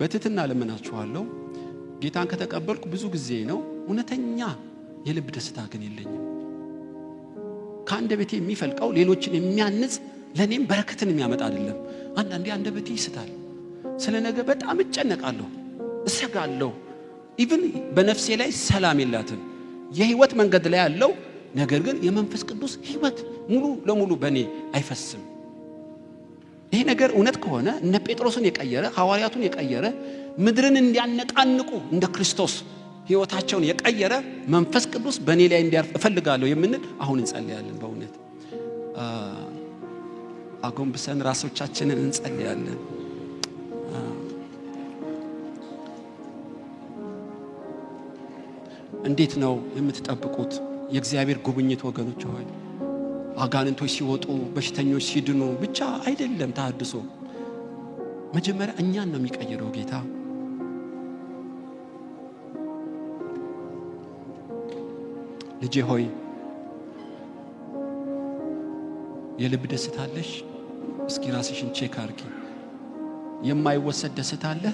በትትና ለምናችኋለሁ። ጌታን ከተቀበልኩ ብዙ ጊዜ ነው። እውነተኛ የልብ ደስታ ግን የለኝም። ቤቴ የሚፈልቀው ሌሎችን የሚያንጽ ለእኔም በረከትን የሚያመጣ አይደለም። አንዳንዴ አንድ ቤቴ ይስታል። ስለ ነገ በጣም እጨነቃለሁ፣ እሰጋለሁ። ኢቭን በነፍሴ ላይ ሰላም የላትም። የህይወት መንገድ ላይ ያለው ነገር ግን የመንፈስ ቅዱስ ህይወት ሙሉ ለሙሉ በእኔ አይፈስም። ይህ ነገር እውነት ከሆነ እነ ጴጥሮስን የቀየረ ሐዋርያቱን የቀየረ ምድርን እንዲያነጣንቁ እንደ ክርስቶስ ሕይወታቸውን የቀየረ መንፈስ ቅዱስ በእኔ ላይ እንዲያርፍ እፈልጋለሁ የምንል አሁን እንጸልያለን። በእውነት አጎንብሰን ራሶቻችንን እንጸልያለን። እንዴት ነው የምትጠብቁት? የእግዚአብሔር ጉብኝት ወገኖች ሆይ አጋንንቶች ሲወጡ፣ በሽተኞች ሲድኑ ብቻ አይደለም ታድሶ። መጀመሪያ እኛን ነው የሚቀይረው ጌታ። ልጄ ሆይ የልብ ደስታ አለሽ? እስኪ ራስሽን ቼክ አርጊ የማይወሰድ ደስታ አለ?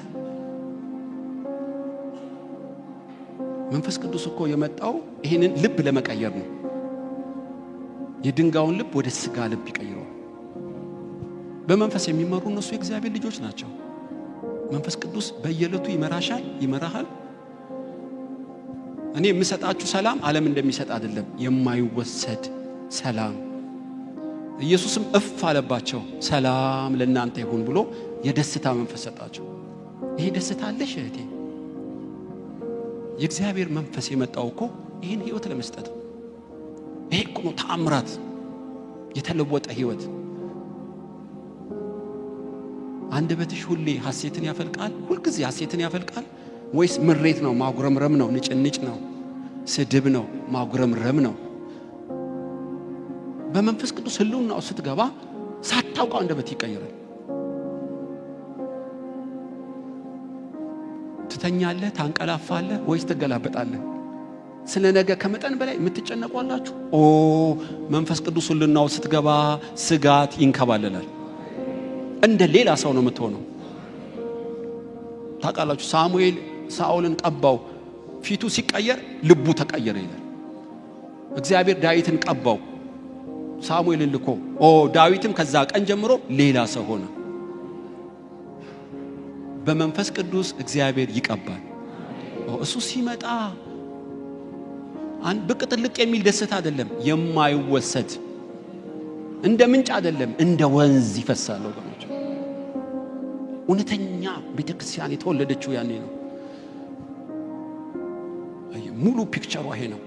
መንፈስ ቅዱስ እኮ የመጣው ይህንን ልብ ለመቀየር ነው። የድንጋዩን ልብ ወደ ስጋ ልብ ይቀይረዋል። በመንፈስ የሚመሩ እነሱ የእግዚአብሔር ልጆች ናቸው። መንፈስ ቅዱስ በየለቱ ይመራሻል፣ ይመራሃል። እኔ የምሰጣችሁ ሰላም ዓለም እንደሚሰጥ አይደለም፣ የማይወሰድ ሰላም። ኢየሱስም እፍ አለባቸው፣ ሰላም ለእናንተ ይሁን ብሎ የደስታ መንፈስ ሰጣቸው። ይሄ ደስታ አለሽ እህቴ። የእግዚአብሔር መንፈስ የመጣው እኮ ይህን ህይወት ለመስጠት ነው። ይሄ እኮ ነው ተአምራት፣ የተለወጠ ህይወት። አንደበትሽ ሁሌ ሐሴትን ያፈልቃል፣ ሁልጊዜ ሐሴትን ያፈልቃል ወይስ ምሬት ነው? ማጉረምረም ነው? ንጭንጭ ነው? ስድብ ነው? ማጉረምረም ነው? በመንፈስ ቅዱስ ህልውናው ስትገባ ሳታውቀው አንደበት ይቀይራል። ትተኛለህ፣ ታንቀላፋለህ ወይስ ትገላበጣለህ? ስለ ነገ ከመጠን በላይ የምትጨነቁ አላችሁ። ኦ መንፈስ ቅዱስ ሁሉናው ስትገባ ስጋት ይንከባለላል። እንደ ሌላ ሰው ነው የምትሆነው። ታውቃላችሁ፣ ሳሙኤል ሳኦልን ቀባው፣ ፊቱ ሲቀየር ልቡ ተቀየረ ይላል። እግዚአብሔር ዳዊትን ቀባው፣ ሳሙኤልን ልኮ፣ ኦ ዳዊትም ከዛ ቀን ጀምሮ ሌላ ሰው ሆነ። በመንፈስ ቅዱስ እግዚአብሔር ይቀባል። እሱ ሲመጣ ብቅ ጥልቅ የሚል ደስታ አይደለም፣ የማይወሰድ እንደ ምንጭ አይደለም፣ እንደ ወንዝ ይፈሳል ወገኖች። እውነተኛ ቤተክርስቲያን የተወለደችው ያኔ ነው። ሙሉ ፒክቸሯ ይሄ ነው።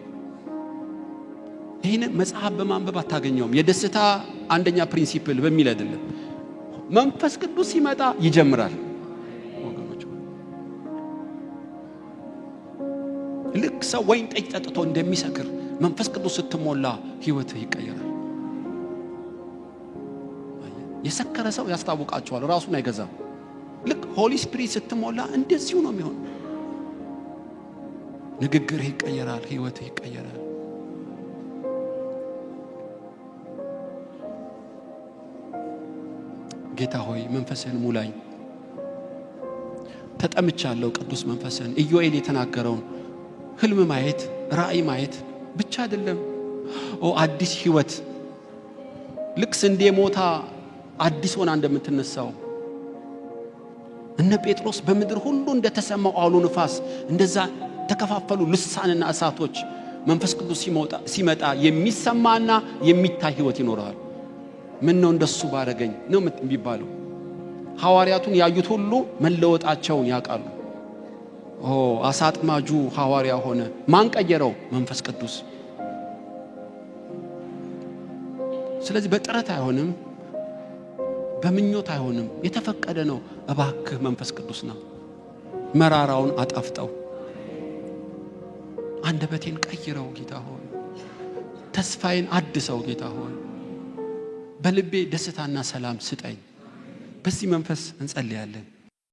ይህን መጽሐፍ በማንበብ አታገኘውም። የደስታ አንደኛ ፕሪንሲፕል በሚል አይደለም። መንፈስ ቅዱስ ሲመጣ ይጀምራል። ልክ ሰው ወይን ጠጅ ጠጥቶ እንደሚሰክር መንፈስ ቅዱስ ስትሞላ ህይወትህ ይቀየራል። የሰከረ ሰው ያስታውቃቸዋል፣ ራሱን አይገዛም። ልክ ሆሊ ስፒሪት ስትሞላ እንደዚሁ ነው የሚሆን። ንግግርህ ይቀየራል፣ ህይወት ይቀየራል። ጌታ ሆይ መንፈስህን ሙላኝ፣ ተጠምቻለሁ። ቅዱስ መንፈስህን ኢዮኤል የተናገረውን ህልም ማየት፣ ራእይ ማየት ብቻ አይደለም። ኦ አዲስ ህይወት ልክ ስንዴ ሞታ አዲስ ሆና እንደምትነሳው እነ ጴጥሮስ በምድር ሁሉ እንደተሰማው አውሎ ንፋስ እንደዛ ተከፋፈሉ ልሳንና እሳቶች። መንፈስ ቅዱስ ሲመጣ የሚሰማና የሚታይ ህይወት ይኖረዋል። ምን ነው እንደሱ ባረገኝ ነው የሚባለው። ሐዋርያቱን ያዩት ሁሉ መለወጣቸውን ያውቃሉ። አሳ አጥማጁ ሐዋርያ ሆነ። ማን ቀየረው? መንፈስ ቅዱስ። ስለዚህ በጥረት አይሆንም፣ በምኞት አይሆንም፣ የተፈቀደ ነው። እባክህ መንፈስ ቅዱስ ነው መራራውን አጣፍጠው፣ አንደበቴን ቀይረው ጌታ ሆይ፣ ተስፋዬን አድሰው ጌታ ሆይ፣ በልቤ ደስታና ሰላም ስጠኝ። በዚህ መንፈስ እንጸልያለን።